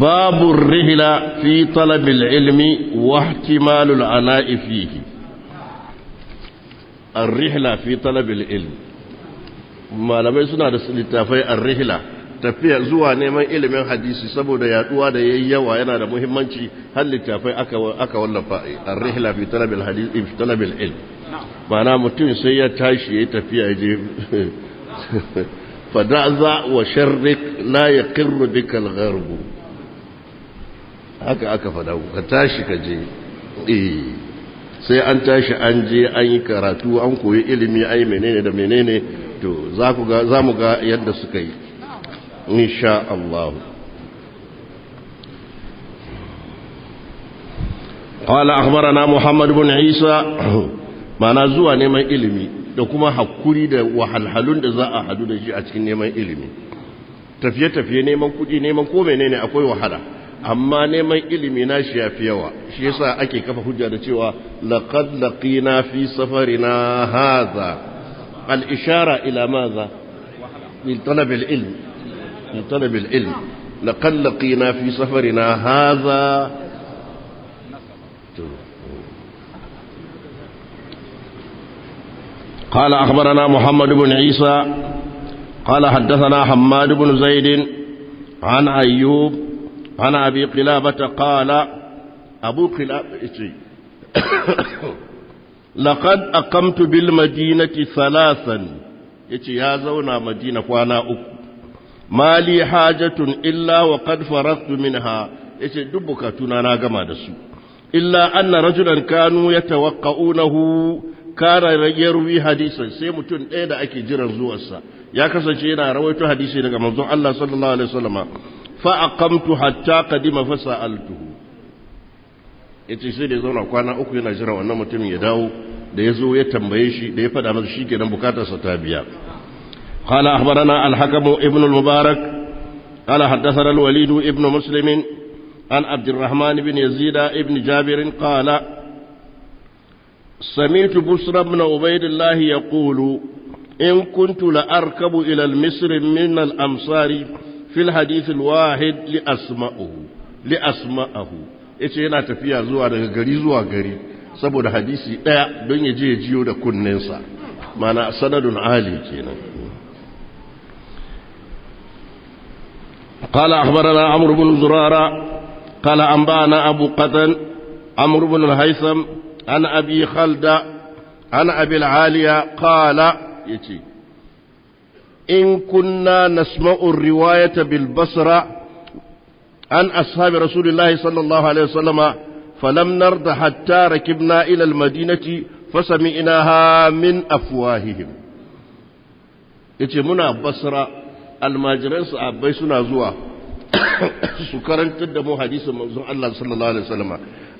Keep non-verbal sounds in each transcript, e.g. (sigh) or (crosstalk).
باب الرهلة في طلب العلم واحتمال العناء فيه الرهلة في طلب العلم ما لم يسنع لتافي الرهلة tafiya zuwa neman ilimin hadisi saboda yaɗuwa da yayi yawa yana da muhimmanci har littafai aka aka wallafa ar-rihla fi talab al fi talab al mutum sai ya tashi yayi tafiya ya je fadaza wa sharrik la yaqirru haka aka faɗa ka tashi ka je eh, sai an tashi an je an yi karatu an koyi ilimi ai menene da menene to za mu ga yadda suka yi insha Allah قال أخبرنا Muhammadu بن isa (clears throat) ma'ana zuwa neman ilimi da kuma hakuri da wahalhalun da za a hadu da shi a cikin neman ilimi tafiye-tafiye neman kuɗi neman ko menene akwai wahala amma neman ilimi na shi yafi yawa shi yasa ake kafa hujja da cewa laqad laqina fi safarina hadha al ishara ila madha lil talab al ilm lil talab al ilm laqad laqina fi safarina hadha قال أخبرنا محمد بن عيسى قال حدثنا حماد بن زيد عن أيوب عن أبي قلابة قال أبو قلابة لقد أقمت بالمدينة ثلاثا يتي يا زونا مدينة وانا أكو ما لي حاجة إلا وقد فرغت منها يتي دبك تنانا كما دسو إلا أن رجلا كانوا يتوقعونه kara yarwi hadisin sai mutum ɗaya da ake jiran zuwarsa ya kasance yana rawaito hadisi daga manzon Allah sallallahu alaihi wasallam hatta حتى fasa فسألته yace sai da ya zauna kwana uku yana jira wannan mutum ya dawo da ya zo ya tambaye shi da ya fada masa shi nan bukatarsa ta biya qala akhbarana al-hakim ibn al-mubarak qala haddathana al-walid ibn muslim an abd al-rahman ibn yazid ibn jabir qala sami'tu busra ibn ubaydillah yaqulu in kuntu la arkabu ila al-misr min al-amsari في الحديث الواحد لأسمعه لأسمعه yace yana tafiya zuwa daga gari zuwa gari saboda hadisi daya don ya je ya jiyo da kunninsa mana sanadun ali kenan قال أخبرنا عمرو بن زرارة قال أنبأنا أبو قتن عمرو بن الهيثم عن أبي خلد عن أبي العالية قال يتي إن كنا نسمع الرواية بالبصرة عن أصحاب رسول الله صلى الله عليه وسلم فلم نرد حتى ركبنا إلى المدينة فسمعناها من أفواههم yace muna basra almajiran abai suna zuwa su karantar da mu hadisin manzon Allah sallallahu alaihi wasallam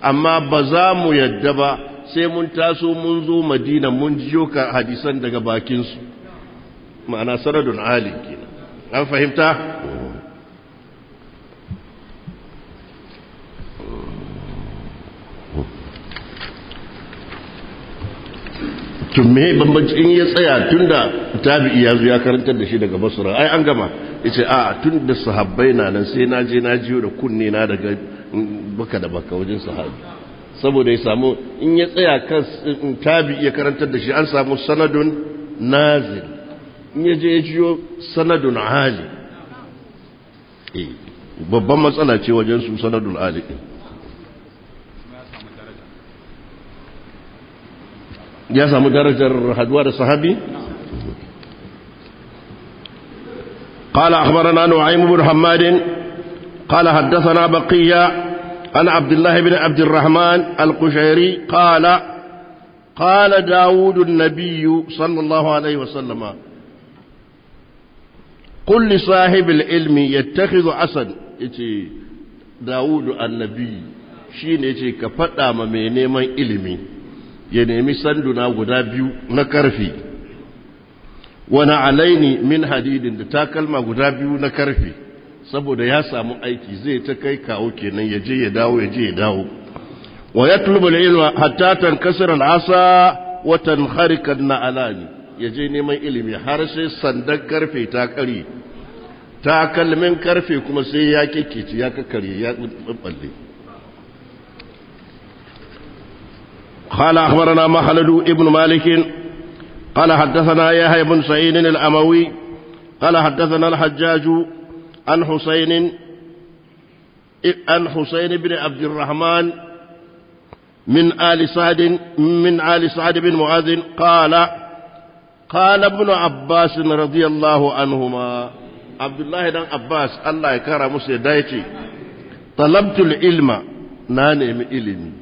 amma ba za mu yadda ba sai mun taso mun zo Madina mun jiyo ka hadisan daga bakin su ma'ana sanadun ali kenan an fahimta tun me bambanci in ya tsaya tunda tabi'i ya ya karantar da shi daga basra ai an gama yace ce a tun da sahabbai na nan sai na je na jiyo da kunne na daga baka da baka wajen sahabi saboda ya samu in ya tsaya kan tabi'i ya karantar da shi an samu sanadun nazil in ya je ya ciyo sanadun hali babban matsala ce wajen su sanadun hali ya samu darajar haduwa da sahabi قال أخبرنا نعيم بن حماد قال حدثنا بقية عن عبد الله بن عبد الرحمن القشيري قال قال داود النبي صلى الله عليه وسلم kulli sahibul ilmi yattakhidhu asan yace Dawudu annabi shine yace ka fada ma mai neman ilimi ya nemi sanduna guda biyu na karfi wani alaini min hadidin da takalma guda biyu na karfe saboda ya samu aiki zai ta kai kawo kenan ya je ya dawo ya je ya dawo wa ya tulbul ilma hatta tankasir al'asa wa na alani ya je neman ilimi har sai sandan karfe ta kare takalmin karfe kuma sai ya kikici ya kakkare ya balle قال أخبرنا مخلد ابن مالك قال حدثنا يحيى بن سعيد الأموي قال حدثنا الحجاج عن حسين عن حسين بن عبد الرحمن من آل سعد من آل سعد بن معاذ قال قال ابن عباس رضي الله عنهما عبد الله بن عباس الله يكرم مسيدايتي طلبت العلم نانم علمي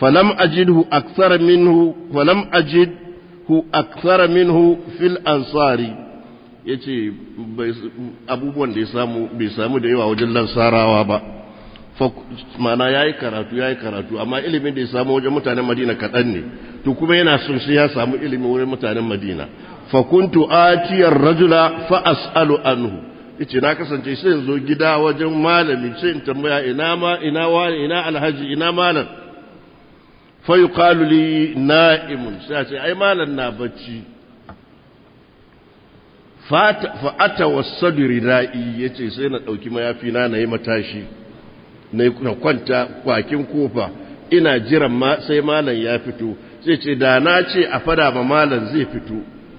فلم أجده أكثر منه فلم أجده أكثر منه في الأنصار يتي abubuwan بن ya samu bai samu da yawa wajen lansarawa mana yi karatu ya yi karatu amma ilimin da ya samu wajen mutanen Madina kaɗan ne to kuma yana sun sai ya samu ilimin wajen mutanen Madina fa kuntu atiyar rajula fa as'alu anhu yace na kasance sai zo gida wajen malami sai in tambaya ina ma ina wani ina alhaji ina malam fa yuqalu li na'imun sai ce ai malam na bacci fa ata wassadu ya yace sai na dauki mayafi na nayi matashi na kwanta kwakin kofa ina jiran ma sai malam ya fito sai ce da na ce a fada ma malam zai fito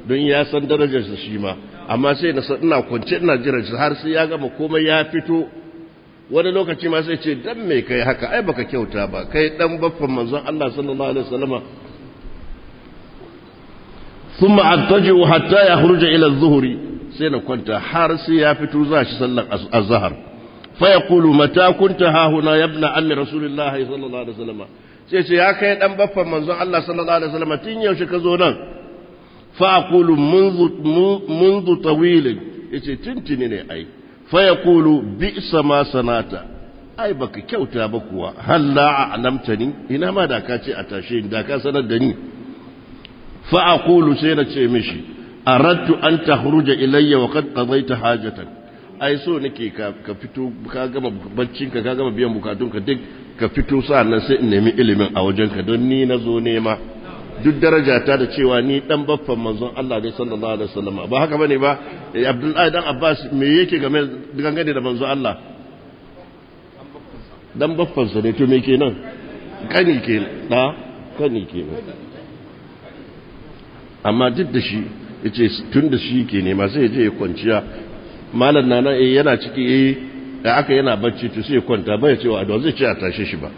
don ya san darajar shi ma amma sai na san ina kwance ina jiran shi har sai ya gama komai ya fito wani lokaci ma sai ce dan me kai haka ai baka kyauta ba kai dan baffan manzon Allah sallallahu alaihi wasallama ثم أضطجع حتى ila إلى الظهر sai na kwanta har sai ya fito za shi sallar azhar فيقول متى كنت ها هنا يا ابن عم رسول الله صلى الله عليه وسلم sai ce ya kai dan baffan manzon Allah sallallahu alaihi wasallam tun yaushe ka zo nan fa aqulu منذ منذ طويل yace tuntuni ne ai fa yaqulu bi'sa sama sanata ai baka kyauta ba kuwa halla a'lamtani ina ma da ka ce a tashe ni da ka sanar da ni fa aqulu sai na ce mishi aradtu an tahruja ilayya wa qad qadayta hajatan ai so nake ka fito ka gama baccin ka gama biyan bukatunka duk ka fito sa'annan sai in nemi ilimin a wajen ka don ni na zo nema duk daraja ta da cewa ni dan baffan manzon Allah dai sallallahu alaihi wasallam ba haka bane ba abdul eh, Abdullahi dan Abbas me yake game dangane da manzon Allah dan baffan sa ne to me kenan kani ke da kani kenan amma duk da shi yace tun da shi ke nema sai je ya kwanciya malam na eh yana ciki eh da aka yana bacci to sai kwanta bai cewa don zai ce a tashe shi ba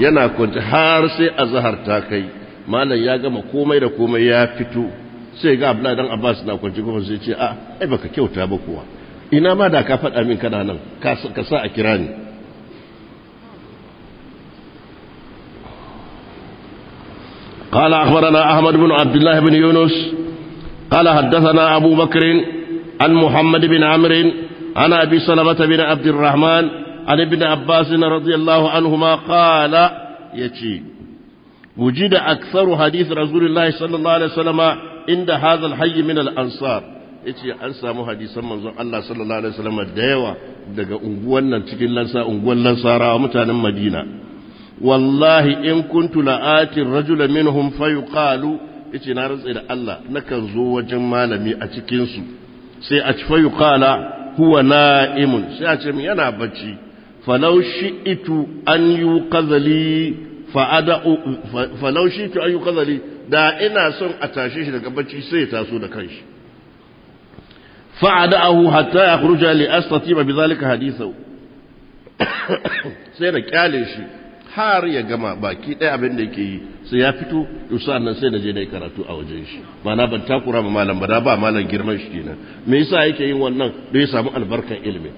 yana kwanta har sai azhar ta kai malam ya gama komai da komai ya fito sai ga Abdullahi dan Abbas na kwanci kuma sai ce a ah, ai baka kyauta ba kuwa ina ma da ka faɗa min kana nan ka sa a kira ni قال أخبرنا أحمد بن عبد الله بن يونس قال حدثنا أبو بكر عن محمد بن عمرو عن أبي سلمة بن عبد الرحمن عن ابن عباس رضي الله عنهما قال يتي وجد أكثر حديث رسول الله صلى الله عليه وسلم عند هذا الحي من الأنصار yace an samu hadisan manzon Allah sallallahu alaihi wasallam da yawa daga unguwan nan cikin lansa unguwan lansarawa mutanen Madina wallahi in kuntu la'ati rajula minhum fayuqalu yace na rantsa da Allah nakan zo wajen malami a cikin su sai a cifa yi kala huwa na'imun sai a ce yana bacci falau shi itu an yi kazali da ina son a tashe shi daga bacci sai ya taso da kanshi fa'ada'ahu hatta ya a li ba bi zalika hadisau (coughs) sai da kyale shi har ya gama baki ɗaya abin da yake yi sai ya fito to nan sai na je na karatu a wajen shi na ban takura ma malam ba ba malam girman shi kenan me yasa yake yin wannan don ya samu albarkan ilimi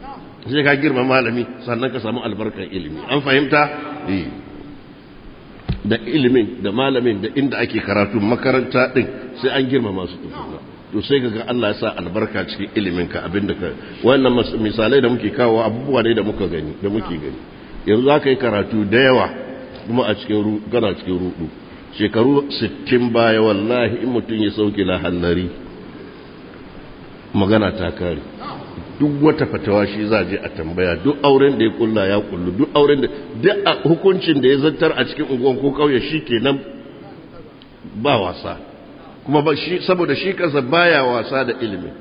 sai ka girma malami sannan ka samu albarkan ilimi an fahimta eh da ilimin da malamin da inda ake karatu makaranta din sai an girma masu tukuna to sai ga Allah ya sa albarka cikin iliminka abinda ka wannan misalai da muke kawo abubuwa ne da muka gani da muke gani yanzu za ka yi karatu da yawa kuma a cikin gana cikin rudu shekaru 60 baya wallahi in mutum ya sauke lahallari magana ta kare duk wata fatawa shi za je a tambaya duk auren da ya kulla ya kullu duk auren da duk hukuncin da ya zantar a cikin unguwan ko kauye shi kenan ba wasa kuma saboda shi kansa baya wasa da ilimin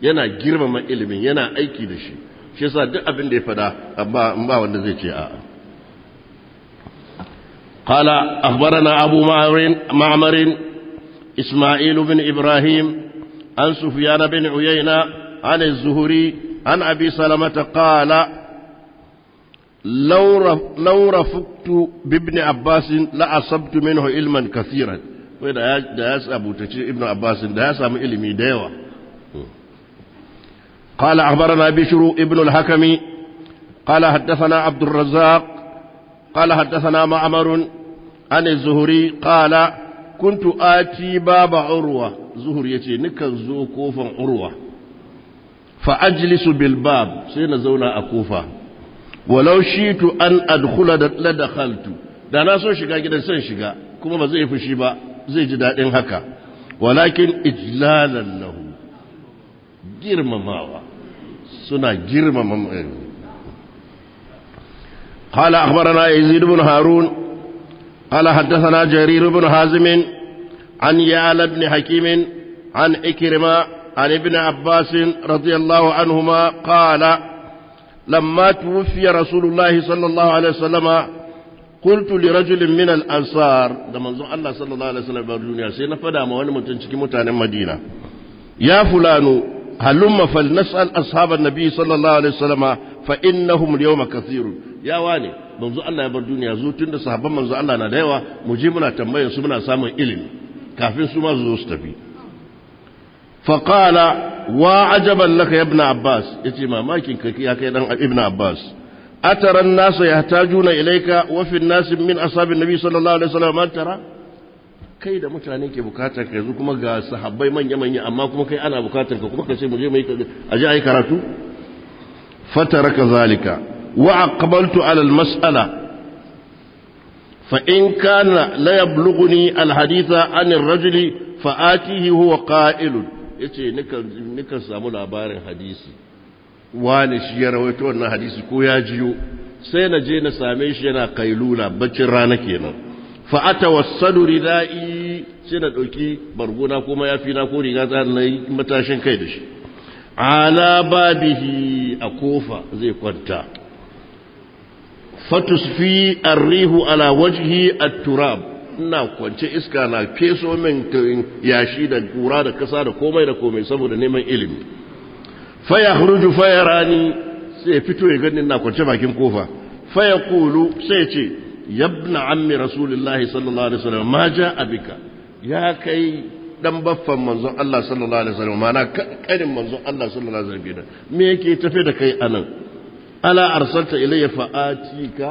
yana girmama ilimin yana aiki da shi shi yasa duk abin da ya fada amma in ba wanda zai ce a'a qala akhbarana abu ma'marin ma'marin isma'il bin ibrahim an sufyan bin uyayna عن الزهري عن أبي سلمة قال لو لو رفقت بابن عباس لأصبت منه علما كثيرا وإذا يسأل ابن عباس ده يسأل علمي ديوه قال أخبرنا بشر ابن الحكم قال حدثنا عبد الرزاق قال حدثنا معمر عن الزهري قال كنت آتي باب عروة زهري يتي كوفا عروة فأجلس بالباب سينا زونا أكوفا ولو شئت أن أدخل لدخلت da na so كده gidan son كما بزي فشيبا زي جدا إن هكا ولكن إجلالا له walakin ijlalan suna girmama إيه. قال أخبرنا يزيد بن هارون قال حدثنا جرير بن حازم عن يعلى بن حكيم عن إكرمة عن ابن عباس رضي الله عنهما قال لما توفي رسول الله صلى الله عليه وسلم قلت لرجل من الأنصار لما منظور الله صلى الله عليه وسلم برجوني سينا فدام وانا متنشكي متانا مدينة يا فلان halumma falnas'al ashaban nabi sallallahu alaihi wasallama fa inna al-yawma kathirun Yawa ne. manzo Allah ya bar duniya zo tunda sahabban manzo Allah na da yawa mu je muna tambayar su muna samun ilimi kafin su ma zo su tafi fa wa ajaban laka ya ibn abbas yace mamakin ka ya kai dan ibn abbas Ataran an-nasu yahtajuna ilayka wa fi an-nas min ashabin nabi sallallahu alaihi wasallam man tara kai da mutane ke bukatar ka yanzu kuma ga sahabbai manya-manya amma kuma kai ana bukatar ka kuma ka ce muje mai a ji a karatu fatara ka zalika wa aqbaltu ala mas'ala fa in kana la yablughuni al haditha an ar rajuli fa atihi huwa qa'ilun yace nikan nikan samu labarin hadisi wani shi ya rawaito wannan hadisi ko ya jiyo sai na je na same shi yana kailula baccin rana kenan fa atawassadu ridai sai na dauki bargona ya fi na ko riga ta yi matashin kai da shi ala babihi a kofa zai kwanta fatusfi arrihu ala wajhi at-turab ina kwance iska na feso min yashi da kura da kasa da komai da komai saboda neman ilimi faya huruju faya rani sai fito ya gani na kwance bakin kofa faya kulu sai ce yabna ammi rasulullahi sallallahu alaihi wasallam ma ja'a bika ya kai dan baffan manzon Allah sallallahu alaihi wasallam mana karin manzon Allah sallallahu alaihi wasallam me yake tafe da kai anan ala arsalta ilayya fa'atika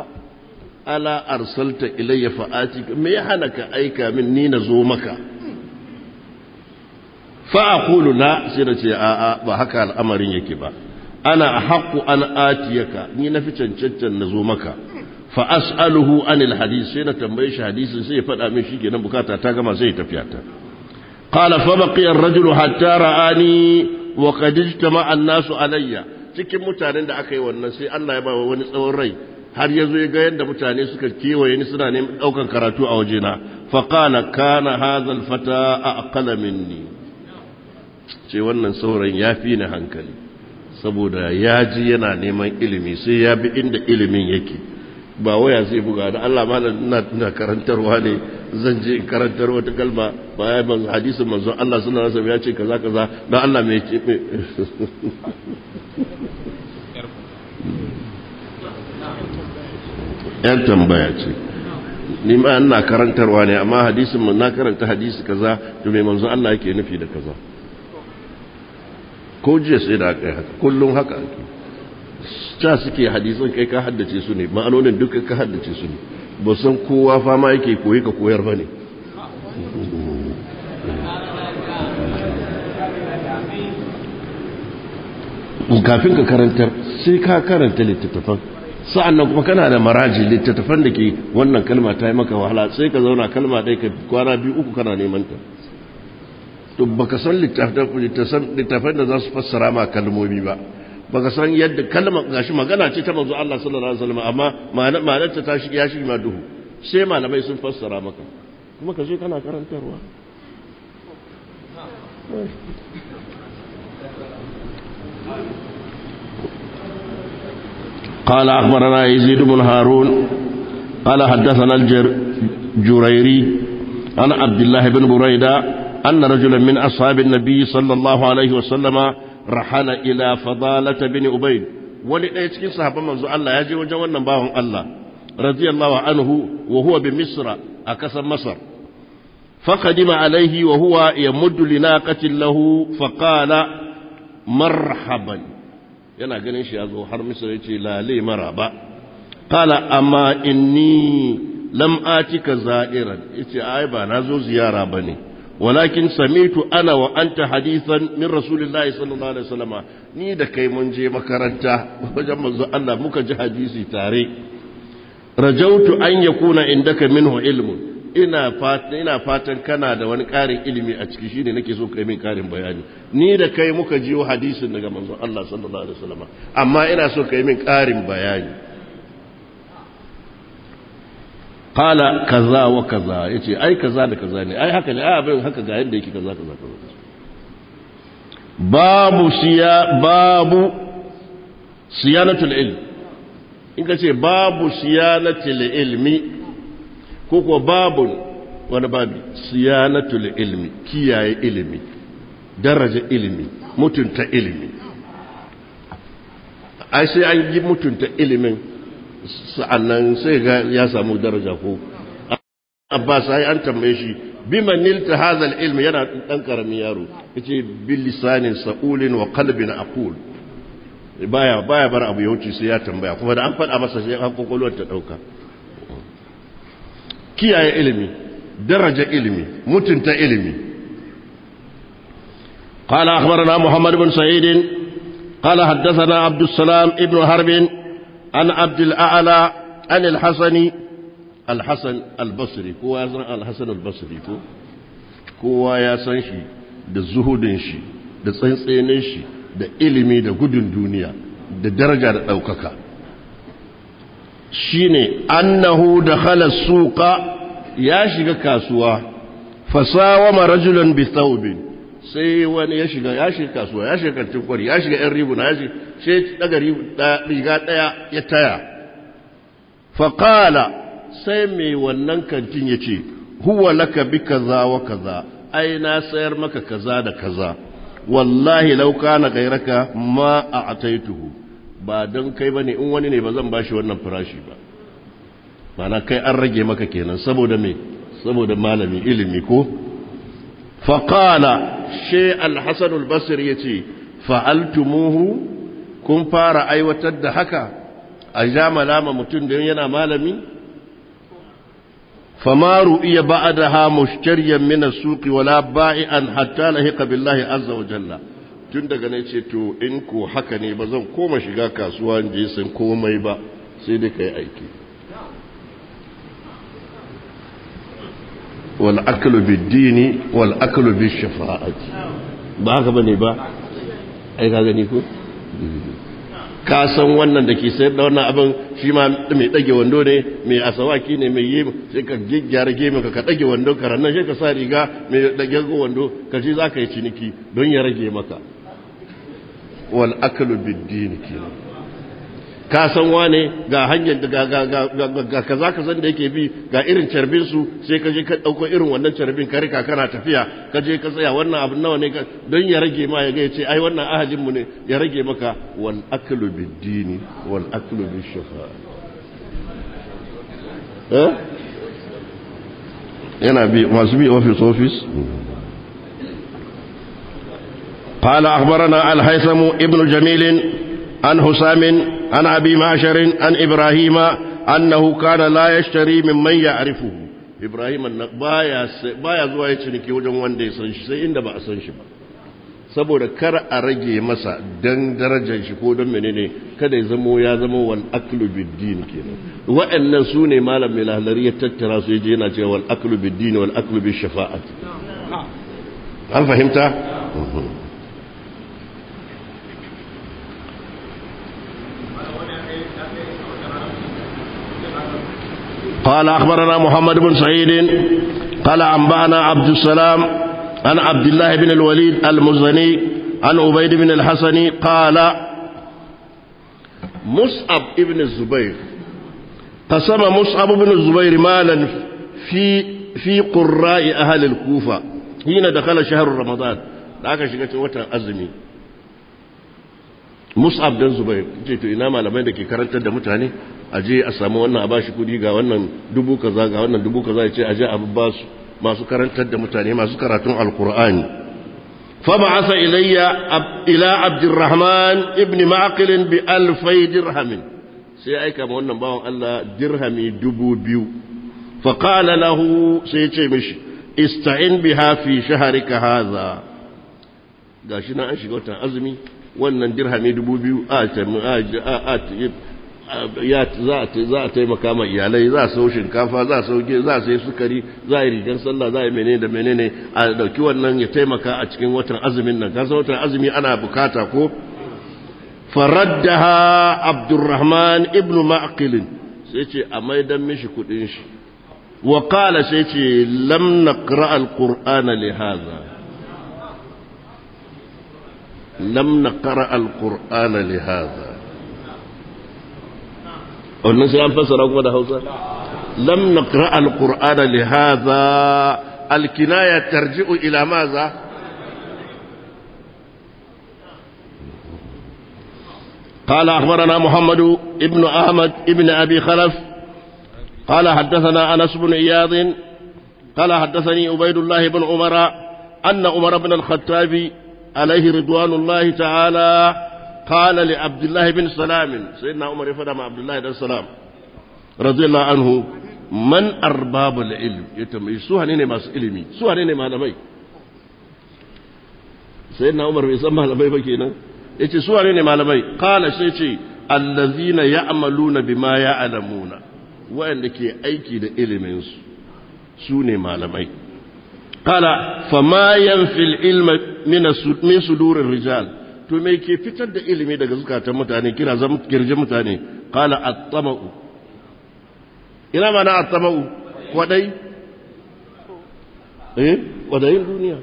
ala arsalta ilayya fa'atika me ya hana ka aika min ni na zo maka fa aqulu la sai na ce a'a ba haka al'amarin yake ba ana haqqu an atiyaka ni na fi cancancan na zo maka fa as'aluhu anil hadith sai na tambaye shi hadisin sai ya faɗa min shi nan bukata ta gama sai ya tafiya ta qala fa baqiya ar-rajul hatta ra'ani wa qad ijtama'a an-nasu alayya cikin mutanen da aka yi wannan sai Allah ya ba wani tsawon rai har yazo ya ga yadda mutane suka kewaye ni suna neman daukan karatu a wajena fa qala kana hadha al-fata aqala minni ce wannan sauran ya fi ni hankali saboda yaji yana neman ilimi sai ya bi inda ilimin yake ba waya zai buga da Allah malam ina ina karantarwa ne zan je in karantar wata kalma ba ya ban hadisin manzon Allah sallallahu alaihi wasallam ya ce kaza kaza dan Allah me yake (laughs) yan tambaya ce ni ma ina karantarwa ne amma hadisin mun na karanta hadisi kaza to mai manzon Allah yake nufi da kaza ko jiya sai da aka haka kullum haka ake ca suke hadisan kai ka haddace su ne ma'anonin duka ka haddace su ne ba san kowa fama yake koyi ka koyar ba ne kafin ka karantar sai ka karanta littattafan sa'an nan kuma kana da maraji littattafan da ke wannan kalma ta yi maka wahala sai ka zauna kalma dai ka kwana biyu uku kana neman ta to baka san littattafan da za su fassara ma kalmomi ba baka san yadda kalma gashi magana ce ta manzo Allah sallallahu alaihi wasallam amma ma'anar ta tashi ya shi ma duhu sai malamai sun fassara maka kuma ka je kana karantarwa قال أخبرنا يزيد بن هارون قال حدثنا الجريري عن عبد الله بن بريدة أن رجلا من أصحاب النبي صلى الله عليه وسلم rahana ila fadalata bin ubayd wani ɗaya cikin sahabban manzo Allah ya je wajen wannan bawan Allah radiyallahu anhu wa huwa bi misra a kasar masar فقدم عليه وهو يمد لناقة له فقال مرحبا yana ganin shi ya zo har misra ya ce lale maraba kala amma inni lam atika za'iran yace ai ba na zo ziyara ba ne. walakin samitu ana wa'anta anta hadisan min rasulillahi sallallahu alaihi wasallam ni da kai mun je makaranta wajen manzo Allah muka ji hadisi tare rajautu an yakuna indaka minhu ilmun ina fatan ina fatan kana da wani ƙarin ilimi a ciki shine nake so kai min ƙarin bayani ni da kai muka jiyo hadisin daga manzo Allah sallallahu alaihi wasallam amma ina so kai min ƙarin bayani qala kaza wa kaza yace ai kaza da kaza ne ai haka ne a bai haka ga yadda yake kaza kaza kaza babu siya babu siyanatul ilm in ka ce babu siyanatul ilmi ko ko babu wani babi siyanatul ilmi kiyaye ilimi daraja ilimi mutunta ilimi ai sai an yi mutunta ilimin sa'annan sai ga ya samu daraja ko Abbas sai an tambaye shi bima nilta hadha al yana dan karamin yaro yace bil lisanin sa'ulin wa qalbin aqul eh, baya baya bar abu ya wuce sai ya tambaya kuma da an faɗa masa sai an kokolwar ta dauka kiyaye ilimi daraja ilimi mutunta ilimi qala akhbarana muhammad ibn sa'id qala حدثنا Abdus Salam Ibn Harbin. an abdul a'ala an al-hasani al-hasan al-basri kowa ya san al-hasan al-basri ko kowa ya san shi da zuhudin shi da tsantsenin shi da ilimi da gudun duniya da daraja da ɗaukaka shine annahu da khala suqa ya shiga kasuwa fasawama rajulan bi thawbin sai wani ya shiga ya shiga kasuwa ya shiga kantin kwari ya shiga yan na ya shiga sai daga riga daya ya taya faƙala sai mai wannan kantin ya ce huwa laka bi kaza wa kaza ai na sayar maka kaza da kaza wallahi lau kana gairaka ma a ataituhu ba don kai ba ne in wani ne ba zan bashi wannan farashi ba mana kai an rage maka kenan saboda me saboda malami ilimi ko Faƙala. she al-hasan al-basri yace fa'altumuhu kun fara aiwatar da haka a ja mutum da yana malami famaru iya ha mushtariyan min mina suqi wala ba'ian hatta lahiqa billahi azza wa jalla tun daga ne ce to in ko haka ne ba zan koma shiga kasuwa in je san komai ba sai dai kai aiki wal aklu bid-dini wal aklu bish-shafa'ati ba haka ba ai ka ko ka san wannan da ke sayar da wannan abin shi ma mai dage wando ne mai asawaki ne mai yi sai ka gyara gemin ka ɗage dage wando ka rannan shi ka sa riga mai ɗage wando ka ce za ka yi ciniki don ya rage maka wal akalu bid-dini kenan ka san wane ga hanyar da ga ga ga ga kaza kaza da yake bi ga irin carbin su sai ka je ka dauko irin wannan carbin ka rika kana tafiya ka je ka tsaya wannan abin nawa ne ka don ya rage ma ya ga ya ce ai wannan ahajin mu ne ya rage maka wal aklu biddini dini wal aklu bishafa eh yana bi masu bi office office قال أخبرنا الهيثم ابن جميل عن حسام عن أبي an عن إبراهيم أنه كان لا يشتري ممن يعرفه إبراهيم بايا بايا zuwa ya ciniki wajen wanda ya san sai inda ba a san shi ba saboda kar a rage masa dan darajar ko don menene kada ya zamo ya zama wal aklu biddin kenan wa'annan su ne malam mai lahlari ya tattara su yaje yana cewa wal aklu biddin wal an fahimta قال أخبرنا محمد بن سعيد قال أنبأنا عبد السلام عن عبد الله بن الوليد المزني عن عبيد بن الحسن قال مصعب بن الزبير قسم مصعب بن الزبير مالا في في قراء أهل الكوفة حين دخل شهر رمضان ذاك شيء وتر أزمي mus'ab dan zubair ce to ina malamai da ke karantar da mutane aje a samu wannan a bashi kudi ga wannan dubu kaza ga wannan dubu kaza ya ce aje a ba su masu karantar da mutane masu karatun alkur'ani fa ba'atha ilayya ila abdurrahman ibn ma'qil bi alfay dirham sai aika ma wannan bawan Allah dirhami dubu biyu fa qala lahu sai ya ce mishi ista'in biha fi shahrika hadha gashi na an shiga watan azumi wannan dirhami dubu biyu a za a taimaka ma iyalai za su shinkafa za su za a yi sukari za a yi rigar sallah za a yi menene da menene a dauki wannan ya taimaka a cikin watan azumin nan kasan watan azumi ana bukata ko faraddaha abdurrahman ibn ma'qil sai ce a maidan mishi kudin shi wa qala sai ce lam naqra alqur'ana li hadha lam naqra alqur'ana li hadha wannan sai an fassara kuma da hausa lam naqra alqur'ana li hadha alkinaya tarji'u ila maza قال أخبرنا محمد ابن أحمد ابن أبي خلف قال حدثنا أنس بن إياض قال حدثني عبيد الله بن عمر أن عمر بن الخطاب عليه رضوان الله تعالى قال لعبد الله بن سلام سيدنا عمر مع عبد الله بن سلام رضي الله عنه من أرباب العلم يتمي سوى نيني ماس علمي سوى نيني مالمي سيدنا عمر بيسمى مالمي بكينا يتي سوى نيني مالمي قال سيتي الذين يعملون بما يعلمون وأن كي أيكي لإلمنس سوني مالمي قال فما ينفي العلم من صدور الرجال to me ke fitar da ilimi daga zukatan mutane kira zama kirjin mutane kala at ina mana at-tama'u kwadai eh kwadai duniya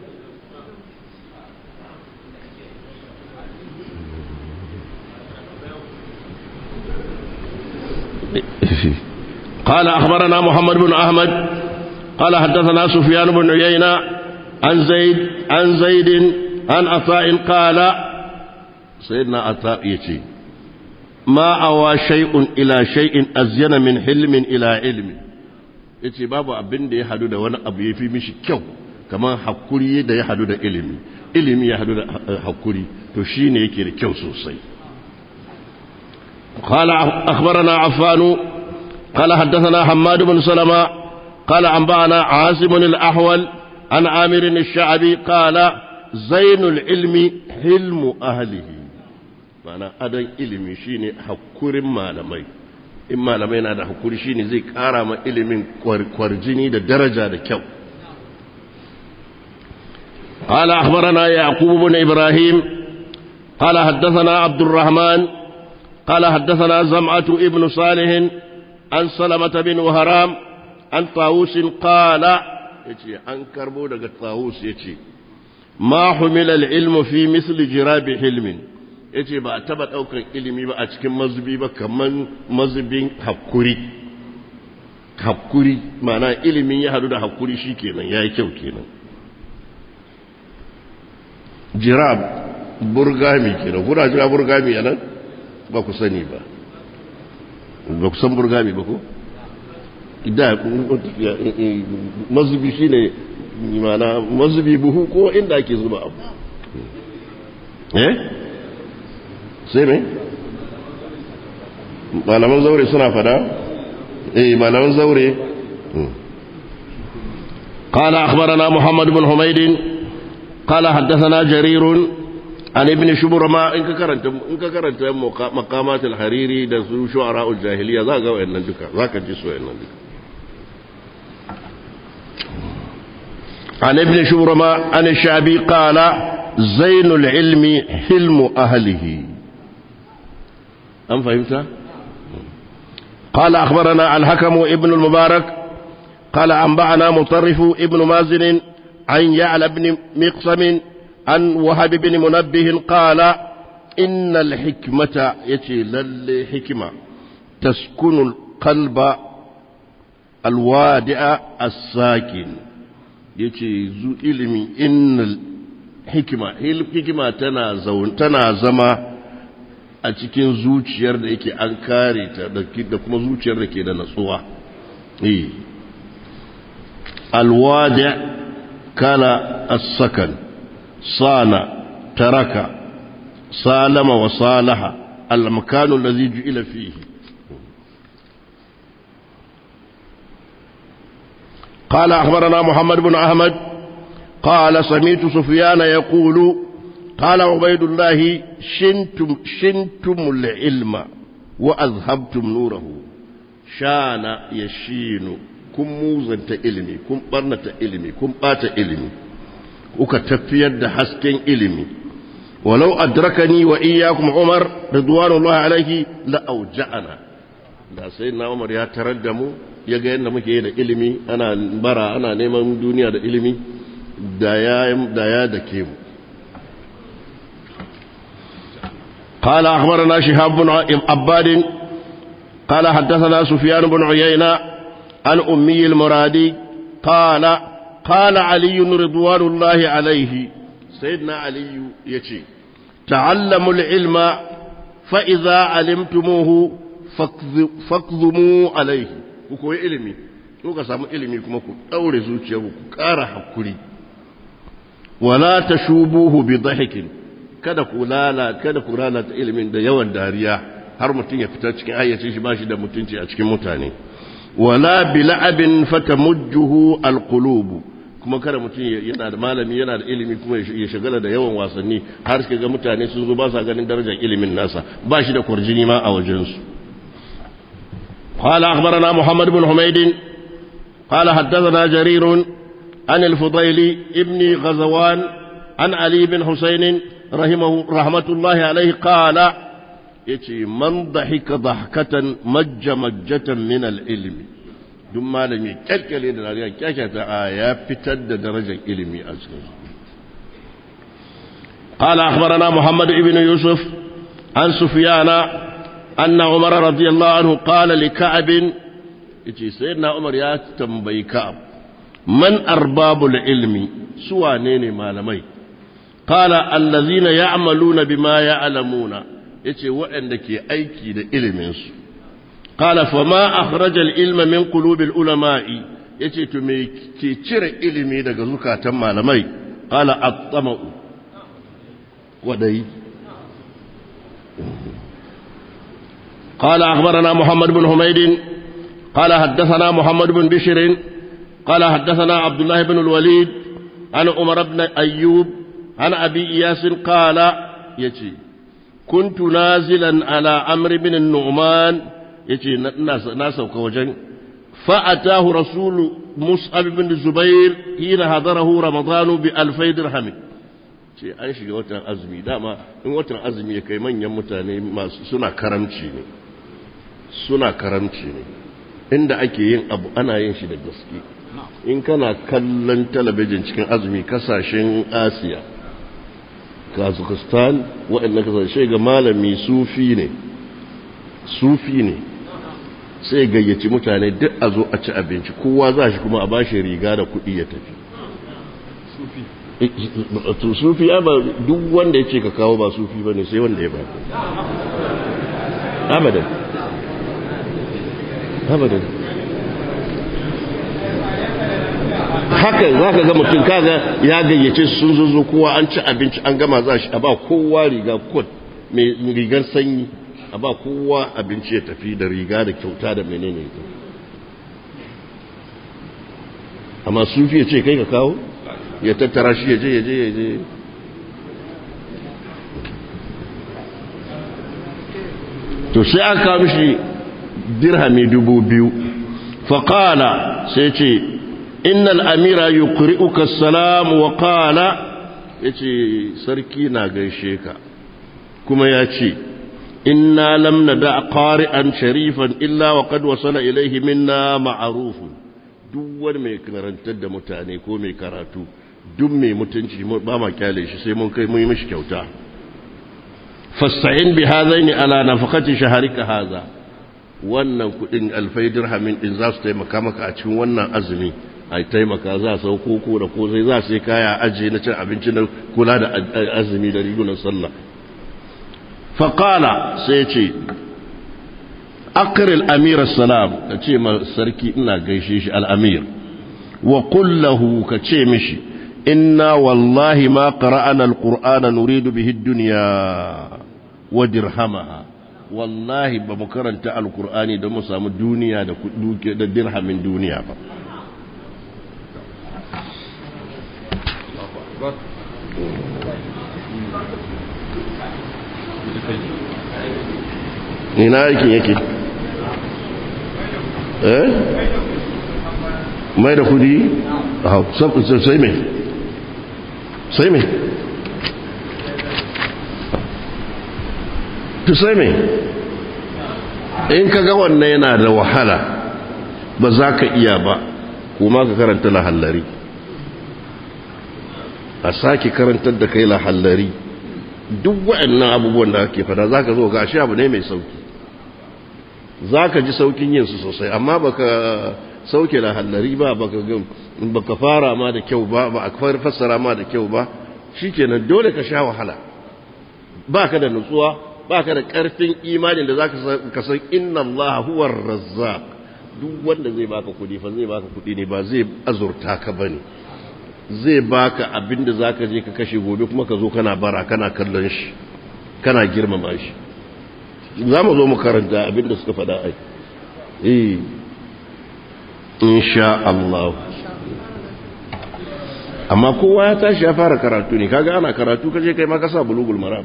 قال أخبرنا محمد بن أحمد قال حدثنا سفيان بن عيينة عن زيد عن زيد عن عطاء قال سيدنا عطاء يتي ما أوى شيء إلى شيء أزين من حلم إلى علم يتي بابا أبن دي حدود وانا أبي في مشي كيو كما حكوري دي حدود علم علم يحدود حكوري تشيني كيري كيو سوسي قال أخبرنا عفان قال حدثنا حماد بن سلمة قال أنبأنا عاصم الأحول عن عامر الشعبي قال زين العلم حلم أهله ma'ana adon ilimi shine hakurin malamai in malamai na da hakuri shine zai kara ma ilimin kwarjini da daraja da kyau قال أخبرنا يعقوب بن إبراهيم قال حدثنا عبد الرحمن قال حدثنا زمعة ابن صالح عن سلمة بن وهرام عن طاووس قال عن كربو طاووس ما حمل العلم في مثل جراب حلم ce ba a taba daukan ilimi ba a cikin mazubi ba kamar mazubin hakuri hakuri ma'ana ilimin ya hadu da hakuri ya yi kyau kenan jira burgami kenan kuna jira burgami nan ba ku sani ba ba ku san burgami ba ko da mazubi ne mana mazubi buhu ko inda ake zuba abu eh sai mai eh? malaman zaure suna fada eh malaman zaure hmm. قال أخبرنا محمد بن حميد قال حدثنا جرير عن ابن شبر ما إنك كرنت إنك كرنت مقامات الحريري دسو شعراء الجاهلية ذاك وإن الدكا ذاك الجسو إن الدكا عن ابن شبر ما عن الشعبي قال زين العلم حلم أهله أم فهمت قال أخبرنا الحكم ابن المبارك قال أنبعنا مطرف ابن مازن عن يعلى بن مقسم عن وهب بن منبه قال إن الحكمة يتي للحكمة تسكن القلب الوادع الساكن يتي ذو إلمي إن الحكمة هي الحكمة تنا زما a cikin zuciyar da yake an kare ta da kuma zuciyar da ke da natsuwa alwada kala as-sakan sana taraka salama wa salaha al-makan alladhi ju'ila fihi قال أخبرنا محمد بن أحمد قال سمعت سفيان يقول قال عبيد الله شنتم, شنتم العلم وأذهبتم نوره شان يشين كم موزن إلمي كم برنة إلمي كم بات إلمي وكتفيد حسكين إلمي ولو أدركني وإياكم عمر رضوان الله عليه لأوجعنا لا سيدنا عمر يا ya يا da mu ya ga yadda انا yi da ilimi ana bara ana neman duniya قال أخبرنا شهاب بن عباد قال حدثنا سفيان بن عيينة عن أمي المرادي قال قال علي رضوان الله عليه سيدنا علي يتي تعلموا العلم فإذا علمتموه فاقضموا عليه وكو علمي وكو سامو علمي kuma ku daure zuciyarku ku ƙara ولا تشوبوه بضحك kada ku lala kada ku rana ta ilimin da yawan dariya har mutun ya fita cikin ayyace shi bashi da mutunci a cikin mutane wala bil'abin fatamujjuhu alqulub kuma kada mutum yana da malami yana da ilimi kuma ya shagala da yawan wasanni har suka ga mutane sun zo ba sa ganin darajar ilimin nasa bashi da kurjini ma a wajen wajensu قال أخبرنا محمد بن حميد قال حدثنا جرير عن الفضيل ابن غزوان عن علي بن حسين رحمه رحمة الله عليه قال يتي من ضحك ضحكة مج مجة من العلم دم مالمي كالكالي دلالي يعني كاكتا آية فتد درجة علمي أسكر قال أخبرنا محمد بن يوسف عن سفيان أن عمر رضي الله عنه قال لكعب يتي سيدنا عمر يا تنبي كعب من أرباب العلم سوى نيني مالمي قال الذين يعملون بما يعلمون يتي وعندك أيكي لإلمين قال فما أخرج العلم من قلوب العلماء يتي تمي تتر إلمي لغزوكا تما لمي قال الطمع ودي قال أخبرنا محمد بن حميد قال حدثنا محمد بن بشر قال حدثنا عبد الله بن الوليد عن عمر بن أيوب an abi yasin kala ya ce kuntu nazilan ala amri bin numan ya ce na sauka wajen fa’atahu rasulu mus'ab bin zubair hina hadarahu ramadanu bi alfai dirhami an shiga watan azumi dama in watan azumi ya kai manyan mutane masu suna karamci ne suna karamci ne inda ake yin abu ana yin shi da gaske in kana kallon talabijin cikin azumi kasashen asiya kazakhstan waɗanda kasashe ga malami sufi ne sufi ne sai gayyaci mutane duk a zo a ci abinci kowa za shi kuma a ba shi riga da kuɗi ya tafi sufi ya eh, ba duk wanda ya ce ka kawo ba sufi ba ne sai wanda ya ba abadan abadan haka za ka ga mutum kaga ya gayyace sun zuzu kowa an ci abinci an gama za shi a ba kowa riga kot mai rigar sanyi a ba kowa abinci ya tafi da riga da kyauta da menene amma sufi ya ce kai ka kawo ya tattara shi ya je ya je ya je to sai aka kawo mishi dirhami dubu biyu faƙala sai ce Innan amira yuqri'uka salam wa qala yace sarki na gaishe ka kuma ya ce inna lam nada qari'an sharifan illa wa qad wasala ilayhi minna ma'rufun duk wani mai karantar da mutane ko mai karatu duk mai mutunci ba ma kyale shi sai mun kai mun yi mishi kyauta fasta'in bi ne ala nafaqati ka haza. wannan kuɗin alfai dirhamin ɗin za su taimaka maka a cikin wannan azumi a taimaka za a sauko ko da ko sai za su yi kaya ajiye na cin abinci na kula da azumi da rigunan sallah faƙala sai ce akiril amir salam ka ce ma sarki ina gaishe shi al'amir wa kullahu ka ce mishi inna wallahi ma ƙara'an al'ur'ana nuridu bihi duniya wa dirhamaha wallahi ba mu karanta al'ur'ani don mu samu duniya da dirhamin duniya ba ne aikin yake eh mai da kudi sai mai sai mai tu sai mai in ka ga wannan yana da wahala ba za ka iya ba kuma ka karanta lahallari a sake karantar da kai lahallari duk waɗannan abubuwan da ake fada za ka zo ga shi abu ne mai sauki za ka ji saukin yinsu sosai amma baka sauke lahallari ba baka fara ma da kyau ba ba a fassara ma da kyau ba shi dole ka sha wahala ba da nutsuwa ba ka da ƙarfin imanin da za ka san inna Allah huwar razzaq duk wanda zai baka kudi fa zai baka kudi ne ba zai azurta ka bane zai baka abin da za ka je ka kashe gobe kuma ka zo kana bara kana kallon shi kana girmama shi za mu zo mu karanta abin da suka faɗa ai eh. insha Allah amma kowa ya tashi ya fara karatu ne kaga ana karatu kaje kai ma ka sa bulugul maram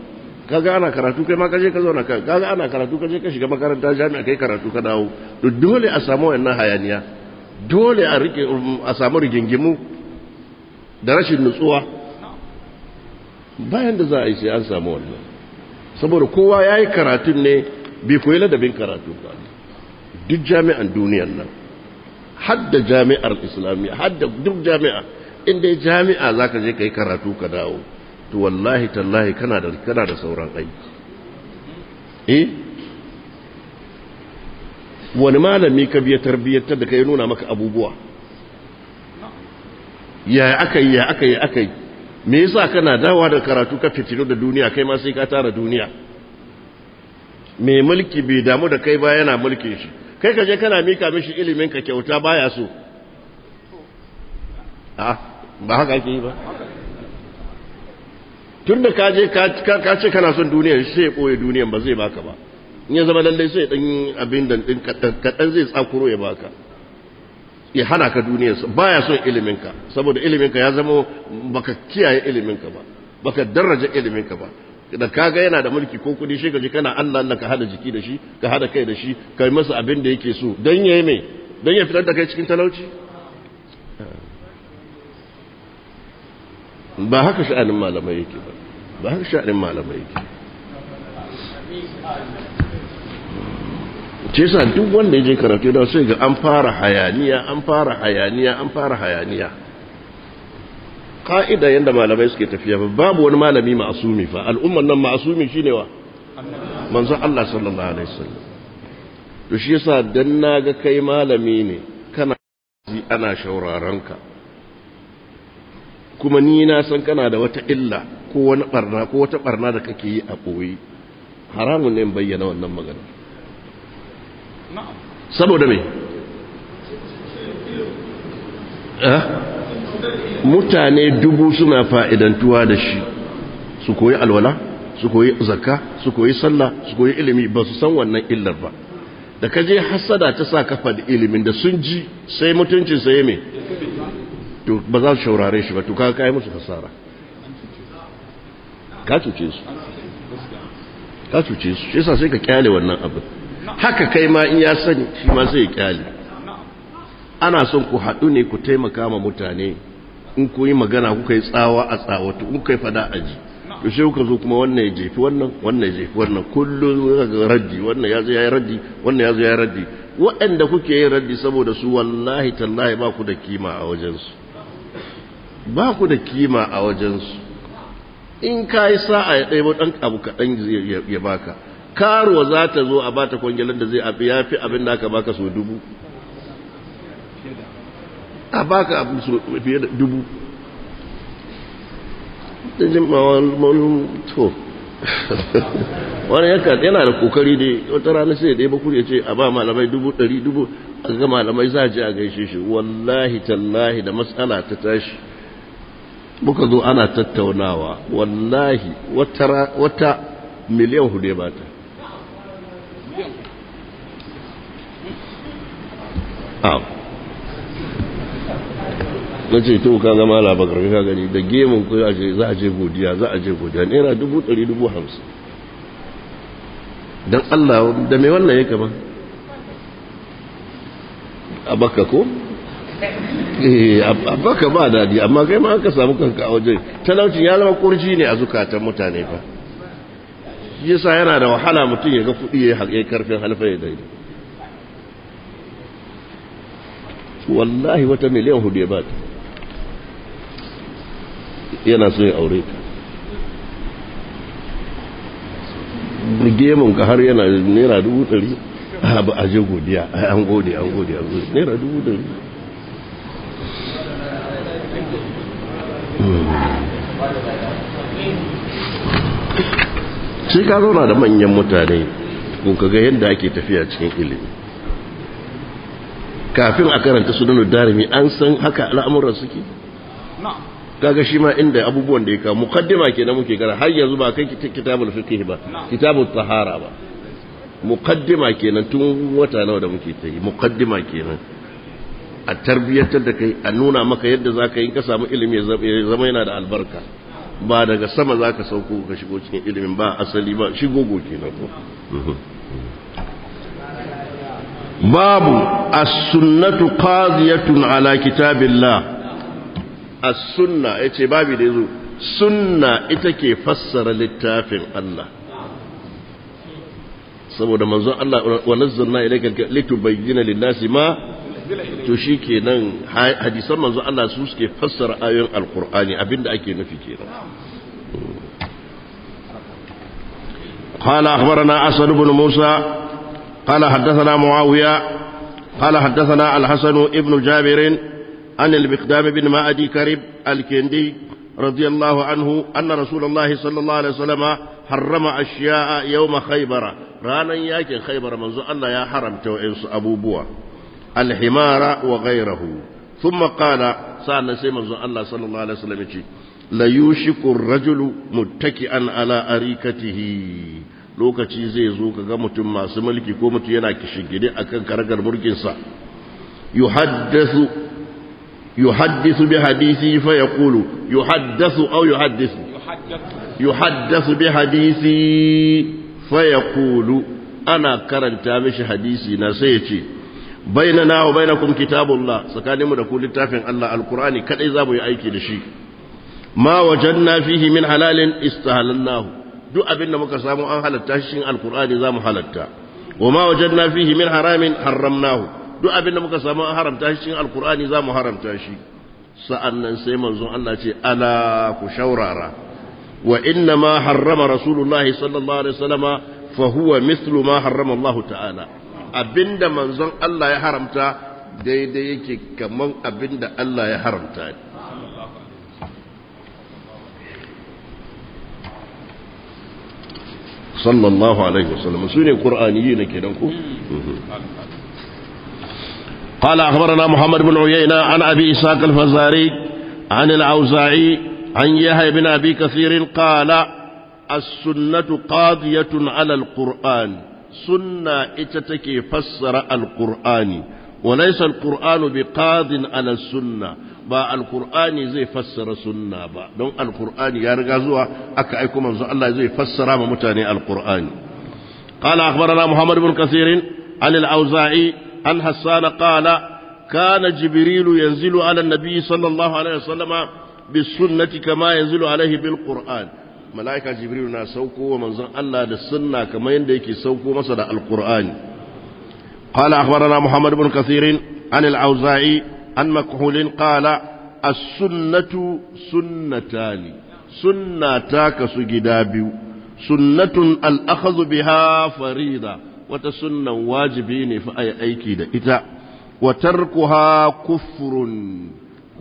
kaga ana karatu kai ma kaje ka zauna ka kaga ana karatu kaje ka shiga makaranta jami'a kai karatu ka dawo dole a samu wannan hayaniya dole a rike a samu rigingimu da rashin nutsuwa bayan da za a yi sai an samu wannan saboda kowa ya yi karatun ne bai koyi ladabin karatu ba duk jami'an duniyar nan hadda jami'ar islamiyya hadda duk jami'a inda ya jami'a za ka je ka yi karatu ka dawo to wallahi tallahi kana da kana da sauran aiki eh wani malami ka biya tarbiyyar da ka yi nuna maka abubuwa ya aka yi ya aka yi aka yi me yasa kana dawa da karatu ka fitilo da duniya kai ma sai ka tara duniya mai mulki bai damu da kai ba yana mulkin shi kai ka je kana mika mishi ilimin ka kyauta baya so a ba haka ake yi ba tun da ka je ka ce kana son duniya sai ya koye duniyan ba zai baka ba in ya zama lallai sai dan abin da kaɗan zai tsakuro ya baka ya hana ka duniyarsa baya son iliminka saboda iliminka ya zama baka kiyaye iliminka ba baka daraja iliminka ba da kaga yana da mulki ko kudi shi gaji kana Allah Allah ka hada jiki da shi ka hada kai da shi ka yi masa abin da yake so dan yayi me dan ya fitar da kai cikin talauci ba haka sha'anin malamai yake ba ba haka sha'anin malamai yake ce sa duk wanda ya je karatu da sai ga an fara hayaniya an fara hayaniya an fara hayaniya ka'ida yadda malamai suke tafiya ba babu wani malami ma'asumi fa al'ummar nan ma'asumi shine wa manzon Allah sallallahu alaihi wasallam to shi yasa dan naga kai malami ne kana ji ana shauraran ka kuma ni na san kana da wata illa ko wani barna ko wata barna da kake yi a koyi haramun ne bayyana wannan magana saboda mai eh? mutane dubu suna fa'idantuwa da shi su koyi alwala su koyi zakka su koyi sallah su koyi ilimi ba su san wannan illar ba da ka je hasada ta sa kafa da ilimin da sun ji sai mutuncin sai mai to ba za su shaurare shi ba to ka kai musu fasara. ka cuce su ka cuce su shi sa sai ka kyale wannan abin haka kai ma in ya sani shi ma zai kyale ana son ku haɗu ne ku taimaka ma mutane in ku yi magana kuka yi tsawa a tsawatu in kai fada aji to sai kuka zo kuma wannan ya jefi wannan wannan ya jefi wannan kullum ga raddi wannan ya zo ya yi raddi wannan ya zo ya yi raddi waɗanda kuke yin raddi saboda su wallahi tallahi ba ku da kima a wajensu ba ku da kima a wajensu in ka yi sa'a ya ɗaya ɗan abu kaɗan ya baka karuwa za ta zo a ba ta kwangilar da zai abu ya fi abin da aka baka so dubu a baka abu so fiye da dubu wani yankan yana da kokari dai wata rana sai dai bakuri ya ce a ba malamai dubu ɗari dubu a ga malamai za je a gaishe shi wallahi tallahi da matsala ta tashi muka zo ana tattaunawa wallahi wata miliyan hudu ya bata na ce to ka gama labar ka gani da gemun ku za a je godiya za a je godiya naira dubu ɗari dubu hamsin don allah da mai wannan ya kama a baka ko eh, a baka ba daɗi amma kai ma aka samu kanka a wajen talaucin ya zama kurji ne a zukatan mutane ba yasa yana da wahala mutum ya ga kuɗi ya karfin halfa ya daidai wallahi wata miliyan hudu ya bata yana so ya aure ta gemun ka har yana naira dubu dari ah, ba a je godiya an gode an gode an gode naira dubu dari hmm. sai ka zauna da manyan mutane kun ga yadda ake tafiya cikin ilimi kafin a karanta sunanu darimi an san haka al'amuran suke kaga shi ma inda abubuwan da ya kawo ke na muke gara har yanzu ba kai kitabul fiqh ba kitabul tahara ba ke kenan tun wata nawa da muke ta yi ke kenan a tarbiyyatar da kai a nuna maka yadda zaka yi ka samu ilimi ya zama yana da albarka ba daga sama zaka sauko ka shigo cikin ilimin ba asali ba shigo goke na ko babu as-sunnatu qadiyatun ala kitabillah as-sunna yace babu da yazo sunna ita ke fassara littafin Allah saboda manzon Allah wa nazzalna ilayka litubayyana lin-nasi ma to shikenan hadisan manzon Allah su suke fassara ayoyin alqur'ani abinda ake nufi kenan قال أخبرنا أسد بن موسى قال حدثنا معاوية قال حدثنا الحسن ابن جابر عن المقدام بن مأدي كرب الكندي رضي الله عنه أن رسول الله صلى الله عليه وسلم حرم أشياء يوم خيبر رانا ياكن خيبر منذ الله يا حرم أبو بوا الحمار وغيره ثم قال سألنا سيما الله صلى الله عليه وسلم ليوشك الرجل متكئا على أريكته lokaci zai zo ka ga mutum masu mulki ko mutum yana kishigide akan karagar mulkinsa yuhaddathu yuhaddisu bi hadisi fa au yuhaddathu haddasu haddasu bi hadisi fa Kulu ana karanta mishi hadisi na sai ya ce na wa bainakum kitabullah tsakaninmu da ku littafin Allah alqur'ani kadai za mu yi aiki da shi ma wajanna fihi min halalin istahalallahu duk abin da muka samu an halatta shi alkur'ani za mu halatta wa ma wajadna fihi min haramin haramnahu duk abin da muka samu an haramta shi alkur'ani za mu haramta shi sa'annan sai manzon Allah ce ala ku shaurara wa inna ma harrama rasulullahi sallallahu alaihi wasallama fa huwa mithlu ma harrama Allah ta'ala abinda manzon Allah ya haramta daidai yake kaman abinda Allah ya haramta ne sallallahu alaihi wasallam su ne qur'aniyi ne kenan ku قال اخبرنا محمد بن عيينه عن ابي اسحاق الفزاري عن الاوزاعي عن يحيى بن ابي كثير قال السنه قاضيه على القران sunna ita take fassara alƙur'ani wa laysa alƙur'anu biqadin ala sunna ba alkur'ani zai fassara sunna ba don alkur'ani ya riga zuwa aka aiko manzo Allah zai fassara ma mutane alkur'ani qala akhbarana muhammad ibn kasir an al-auza'i an hassan qala kana jibril yanzilu ala an-nabi sallallahu alaihi wasallama bisunnati kama yanzilu alaihi bil qur'an malaika jibril na sauko wa manzon Allah da sunna kamar yadda yake sauko masa da alkur'ani qala akhbarana muhammad ibn kasir an al-auza'i عن مكحول قال السنة سنتان سنتاك سجداب سنة الأخذ بها فريضة وتسنة واجبين فأي أيكي دئتا وتركها كفر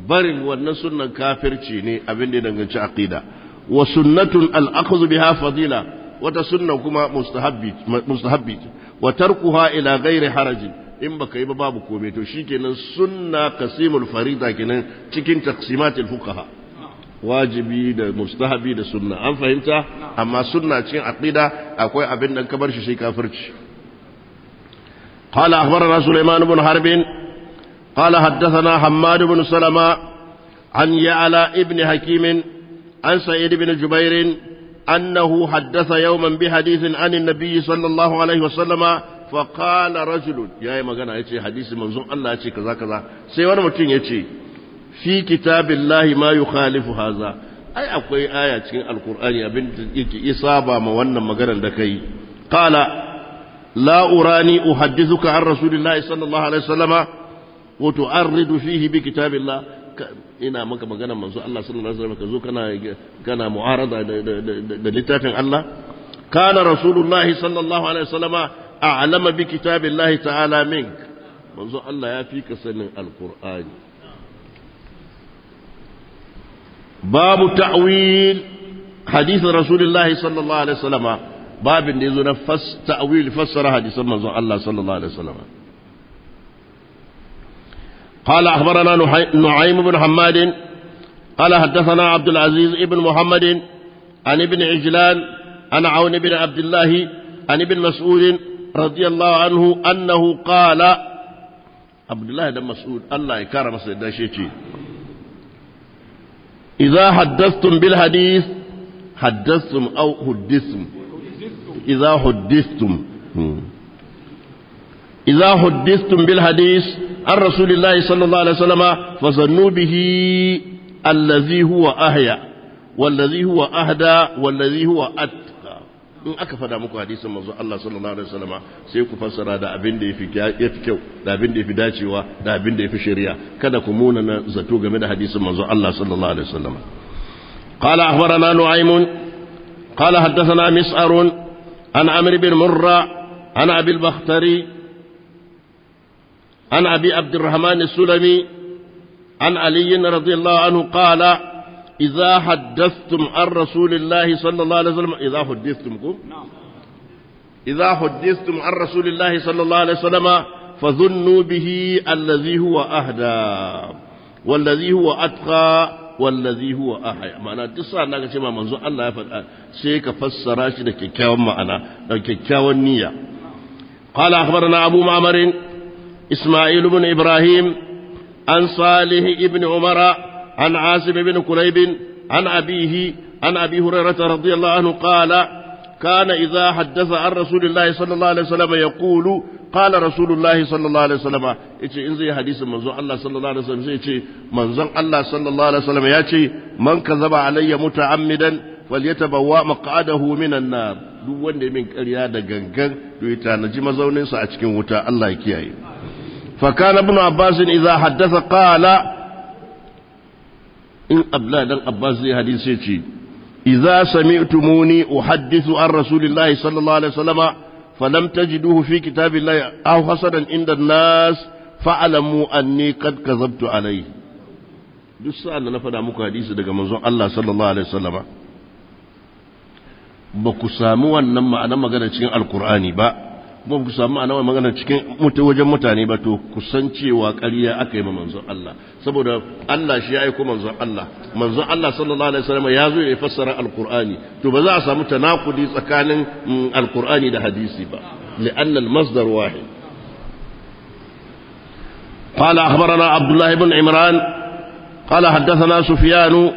barin wannan sunnan kafirci ne abin da ya a aqida wa sunnatun al-akhdhu biha wata sunnan kuma ila gairi harajin in baka yi ba babu komai to shikenan sunna qasimul farida kenan cikin taqsimatul fuqaha wajibi da mustahabi da sunna an fahimta amma sunna cikin aqida akwai abin da ka bar shi sai kafirci قال أخبرنا سليمان بن حرب قال حدثنا حماد بن سلمة عن يعلى ابن حكيم عن سعيد بن جبير أنه حدث يوما بحديث عن النبي صلى الله عليه وسلم faƙala rajulun ya yi magana ya ce hadisi manzon Allah ya ce kaza kaza sai wani mutum ya ce fi kitabillahi ma yukhalifu haza ai akwai aya cikin alkur'ani abin da yake isa ba ma wannan maganar da kai qala la'urani urani uhaddithuka an rasulillahi sallallahu alaihi wasallama wa tu'arridu fihi bi kitabillah ina maka maganar manzo Allah sallallahu alaihi wasallam ka zo kana kana mu'arada da littafin Allah kana rasulullahi sallallahu alaihi أعلم بكتاب الله تعالى منك منذ الله يفيك سن القرآن باب تأويل حديث رسول الله صلى الله عليه وسلم باب يزن فس تأويل فسر حديث منذ الله صلى الله عليه وسلم قال أخبرنا نعيم بن حماد قال حدثنا عبد العزيز بن محمد عن ابن عجلان عن عون بن عبد الله عن ابن مسعود رضي الله عنه أنه قال عبد الله بن مسعود الله يكرم سيدنا شيخي إذا حدثتم بالحديث حدثتم أو حدثتم إذا حدثتم إذا حدثتم بالحديث عن رسول الله صلى الله عليه وسلم فظنوا به الذي هو أهيا والذي هو أهدى والذي هو أت in aka fada muku hadisin manzo Allah sallallahu alaihi wasallama sai ku fassara da abin da yafi yafi kyau da abin da yafi dacewa da abin da yafi shari'a kada ku munana zato game da hadisin manzo Allah sallallahu alaihi wasallama qala akhbarana nu'aymun qala haddathana mis'arun an amr bin murra an abi al-bakhtari an abi abd الرحمن السلمي عن علي رضي الله عنه قال إذا حدثتم عن رسول الله صلى الله عليه وسلم إذا حدثتمكم إذا حدثتم عن رسول الله صلى الله عليه وسلم فظنوا به الذي هو أهدى والذي هو أتقى wallazi huwa ahya ma'ana duk sa na ga cewa manzo Allah ya faɗa sai ka fassara shi da kyakkyawan ma'ana da kyakkyawan niyya qala akhbarana abu ma'mar isma'il ibn ibrahim an salih ibn umara عن عاصم بن كليب عن أبيه عن أبي هريرة رضي الله عنه قال كان إذا حدث عن رسول الله صلى الله عليه وسلم يقول قال رسول الله صلى الله عليه وسلم يتي إن زي حديث منزون الله صلى الله عليه وسلم يتي منزون الله صلى الله عليه وسلم يتي من كذب علي متعمدا فليتبوأ مقعده من النار duk wanda ya min ƙarya da gangan to ya tanaji mazauninsa a cikin wuta Allah ya kiyaye fa kana ibn abbas idza haddatha qala in abdullahi dan abbas zai hadisi ce idza muni uhaddithu an rasulillahi sallallahu alaihi wasallama falam tajiduhu fi kitabillahi aw hasadan inda nas fa'alamu anni qad kazabtu alayhi duk sa'an da na faɗa muku hadisi daga manzon Allah sallallahu alaihi wasallama ba ku sami wannan ma'anar magana cikin alkur'ani ba ba ku samu nawa magana cikin mutu wajen mutane ba to ku san cewa ƙarya aka yi ma manzon Allah saboda Allah shi ya aiko manzon Allah manzon Allah sallallahu alaihi wasallam ya zo ya fassara alqur'ani to ba za a samu tanakudi tsakanin mm, alqur'ani da hadisi ba li'anna al-masdar wahid قال أخبرنا عبد الله بن عمران قال حدثنا سفيان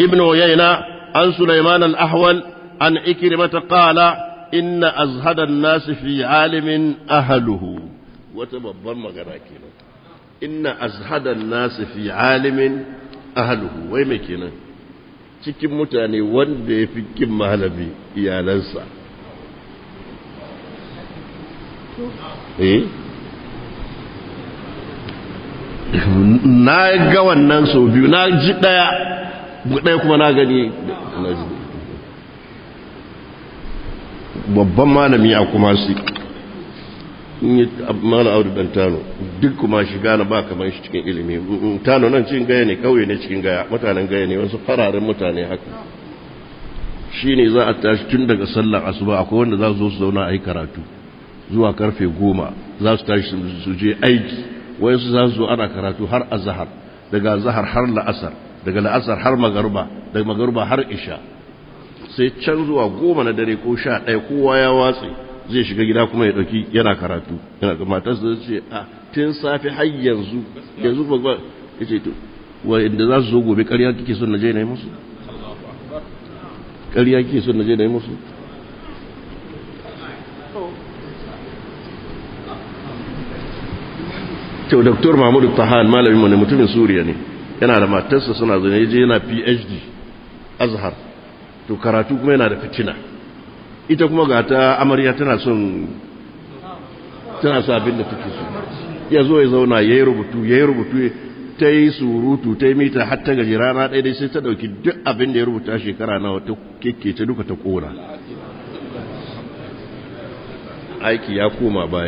ابن عيينة عن سليمان الأحول عن إكرمة قال inna azhadan nasi fi alimin ahaluhu wata babban magana kenan inna azhadan nasi fi alimin ahaluhu wai mai kenan cikin mutane wanda ya fi kin malami iyalansa na ga wannan sau biyu na ji ɗaya ɗaya kuma na gani na ji babban malami a kuma su mana audu dan tano duk kuma shi gane ba kamar shi cikin ilimi mm, mm, tano nan cikin gaya ne kauye ne cikin gaya mutanen gaya ne wasu fararen mutane haka shi ne za a tashi tun daga sallar asuba akwai wanda za su zo su zauna a yi karatu zuwa karfe goma za su tashi su je aiki su za su zo ana karatu har azahar daga azahar har la'asar daga la'asar har magarba daga magarba har isha sai can zuwa goma na dare ko sha ɗaya kowa ya watsi zai shiga gida kuma ya ɗauki yana karatu yana ga matarsa zai ce a ah, tun safe har yanzu yanzu ba ba ya ce to inda za su zo gobe ƙarya kike son na je na yi musu ƙarya kike son na je na yi musu to doktor mahmud tahan malamin mu ne mutumin suriya ne yana da matarsa suna zane je yana phd azhar to karatu kuma yana da fitina ita kuma ga ta amarya tana son tana sa abin da take so ya zo ya zauna ya yi rubutu ya yi rubutu ta yi surutu ta yi mita har ta gaji rana ɗaya dai sai ta ɗauki duk abin da ya rubuta shekara nawa keke ta duka ta kora aiki ya koma ba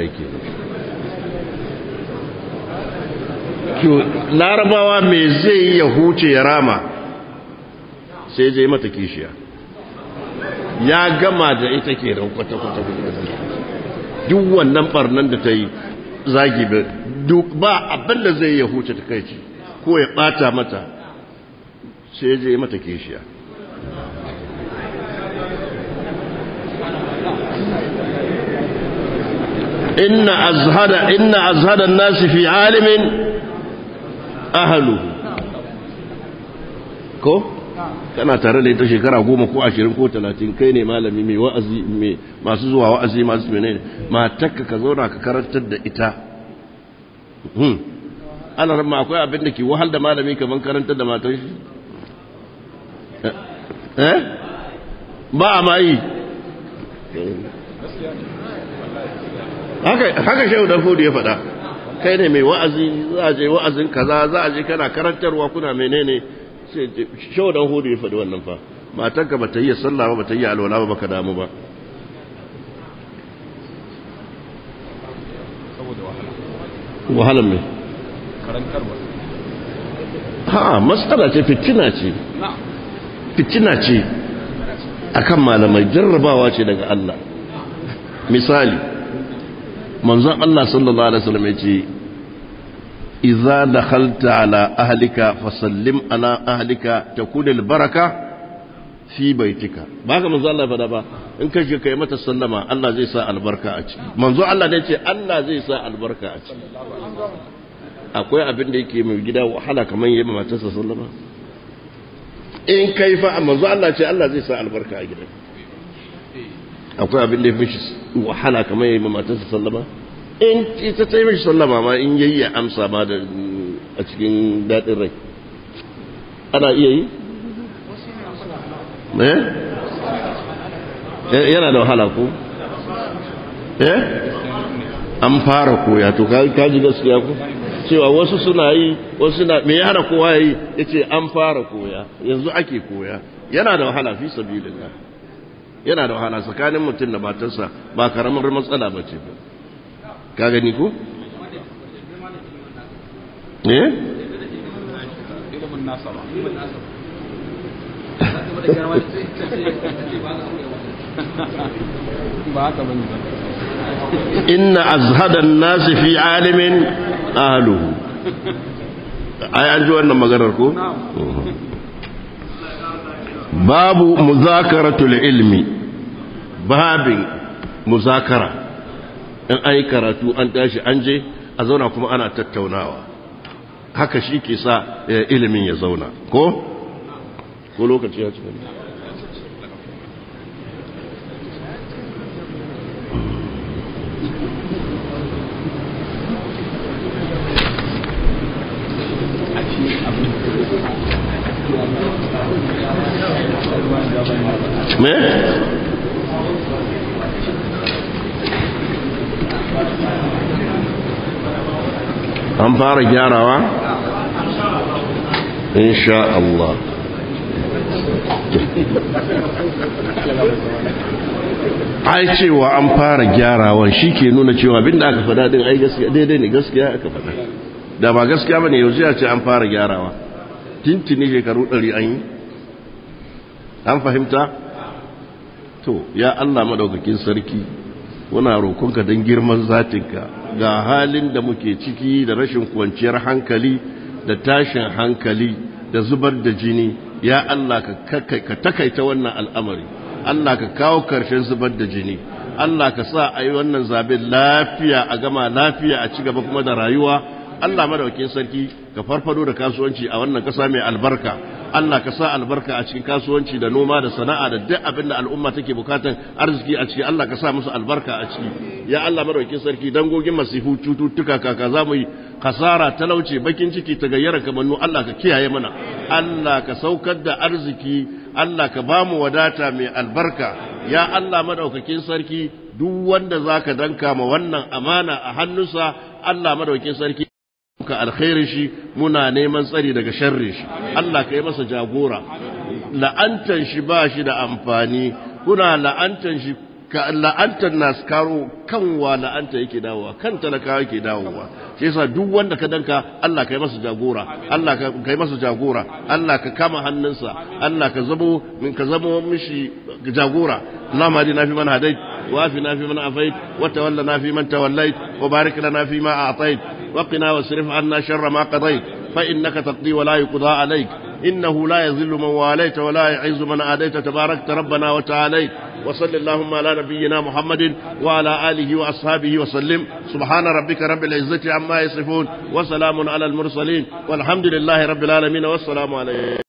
kenan larabawa me zai ya huce ya rama sai zai mata kishiya ya gama da ita ke da kwata-kwata duk wannan barnan da ta yi zagi duk ba abin da zai ya huce ta kai ko ya bata mata sai je mata keshiya inna azhada azhada nasi fi alimin ahalu. ko kana tare da ita shekara goma ko ashirin ko talatin kai ne malami mai wa'azi mai masu zuwa wa'azi masu ne matakka ka zauna ka karantar da ita hmm. ana ramma akwai abin da ke wahal da malami kaman karantar da matar shi eh, eh? ba a ma yi haka shehu dan hudu ya faɗa kai ne mai wa'azi za a je wa'azin kaza za a je kana karantarwa kuna menene sai ce hudu ya faɗi wannan fa matanka ba ta yi sallah ba ba ta yi alwala ba baka damu ba wahalar mai ha matsala ce fitina ce fitina ce akan malamai jarrabawa ce daga Allah misali manzan Allah sallallahu alaihi wasallam ya ce إذا دخلت على أهلك فسلم على أهلك تكون البركة fi baitika ba ka manzo Allah fada ba in ka je kai sallama Allah zai sa albarka a ciki manzo Allah ne ce Allah zai sa albarka a ciki akwai abin da yake mai gida wahala kamar yayi matarsa sallama in kai fa manzo Allah ce Allah zai sa albarka a gidan akwai abin da yake wahala kamar yayi matarsa sallama in eh, ita ta yi shi sallama ma in yayi ya amsa ma da a cikin daɗin rai ana iya yi eh? Eh, yana da wahala ko eh an fara koya to kaji gaskiya ku? cewa wasu suna yi wasu suna me yana kowa yi yace an fara koya yanzu ake koya yana da wahala fi sabilillah yana da wahala tsakanin mutum da matarsa ba karamar matsala bace ba ka gani ko eh inna azhadan nasi fi alimin ahluhu ai an ji wannan maganar ko babu muzakaratul ilmi babin muzakara in an yi karatu an tashi an je a zauna kuma ana tattaunawa haka shi ke sa eh, ilimin ya zauna ko lokaci ya ci fara gyarawa insha Allah ai cewa an fara gyarawan shi ke nuna cewa abinda aka fada din ai gaskiya daidai ne gaskiya aka fada da ba gaskiya ne yanzu ya ce an fara gyarawa tintini shekaru ɗari an yi an fahimta to ya Allah madaukakin sarki muna roƙonka don girman zatinka ga halin da muke ciki da rashin kwanciyar hankali da tashin hankali da zubar da jini ya Allah ka takaita wannan al'amari Allah ka kawo karshen zubar da jini Allah ka sa a yi wannan zaben lafiya a gama lafiya a ci gaba kuma da rayuwa Allah madaukin sarki ka farfado da kasuwanci a wannan ƙasa mai albarka Allah ka sa albarka a cikin kasuwanci da noma da sana'a da duk abin da al'umma take bukatan arziki a ciki Allah ka sa musu albarka a ciki ya Allah madaukakin sarki dangogin masifu cututtuka kaka za mu yi kasara talauci bakin ciki ta gayyara kamannu Allah ka kiyaye mana Allah ka saukar da arziki Allah ka ba mu wadata mai albarka ya Allah madaukakin sarki duk wanda zaka danka ma wannan amana a hannunsa Allah madaukakin sarki muka alkhairin shi muna neman tsari daga sharrin shi Allah ka yi masa jagora la'antan shi ba shi da amfani kuna la'antan shi ka la'antan nas karo kanwa la'anta yake dawowa kan talaka yake dawowa shi yasa duk wanda ka danka Allah ka yi masa jagora Allah ka kai masa jagora Allah ka kama hannunsa Allah ka zabo min ka zamo mishi jagora اللهم اهدنا فيمن هديت وافنا فيمن man tawallait wa barik lana fi ma a'tait وقنا واصرف عنا شر ما قضيت فإنك تقضي ولا يقضى عليك إنه لا يذل من واليت ولا يعز من عاديت تباركت ربنا وتعاليت وصل اللهم على نبينا محمد وعلى آله وأصحابه وسلم سبحان ربك رب العزة عما يصفون وسلام على المرسلين والحمد لله رب العالمين والسلام عليكم